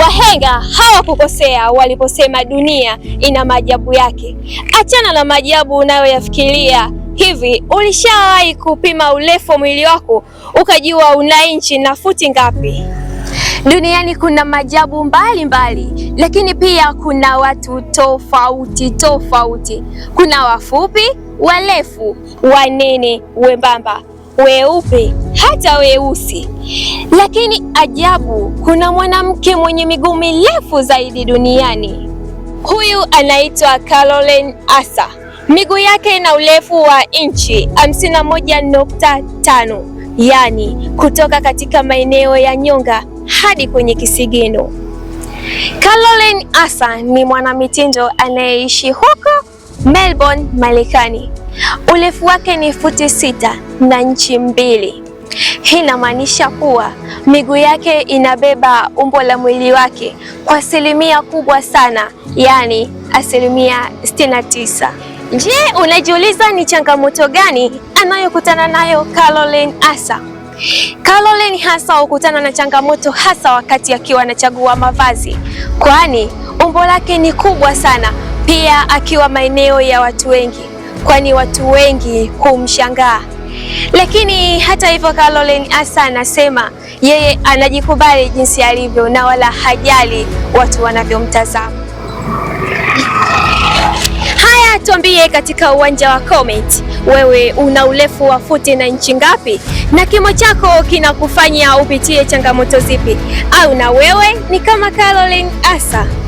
Wahenga hawakukosea waliposema dunia ina maajabu yake. Achana na maajabu unayoyafikiria. Hivi ulishawahi kupima urefu wa mwili wako ukajua una inchi na futi ngapi? Duniani kuna maajabu mbalimbali, lakini pia kuna watu tofauti tofauti. Kuna wafupi, warefu, wanene, wembamba weupe hata weusi. Lakini ajabu, kuna mwanamke mwenye miguu mirefu zaidi duniani. Huyu anaitwa Caroline Asa. Miguu yake ina urefu wa inchi 51.5, yani kutoka katika maeneo ya nyonga hadi kwenye kisigino. Caroline Asa ni mwanamitindo anayeishi huko Melbourne, Marekani. Urefu wake ni futi sita na nchi mbili. Hii inamaanisha kuwa miguu yake inabeba umbo la mwili wake kwa asilimia kubwa sana, yaani asilimia 69. Je, unajiuliza ni changamoto gani anayokutana nayo Caroline Asa? Caroline hasa hukutana na changamoto hasa wakati akiwa anachagua mavazi, kwani umbo lake ni kubwa sana, pia akiwa maeneo ya watu wengi kwani watu wengi humshangaa. Lakini hata hivyo, Caroline Asa anasema yeye anajikubali jinsi alivyo na wala hajali watu wanavyomtazama. Haya, tuambie katika uwanja wa comment, wewe una urefu wa futi na inchi ngapi, na kimo chako kinakufanya upitie changamoto zipi? Au na wewe ni kama Caroline Asa?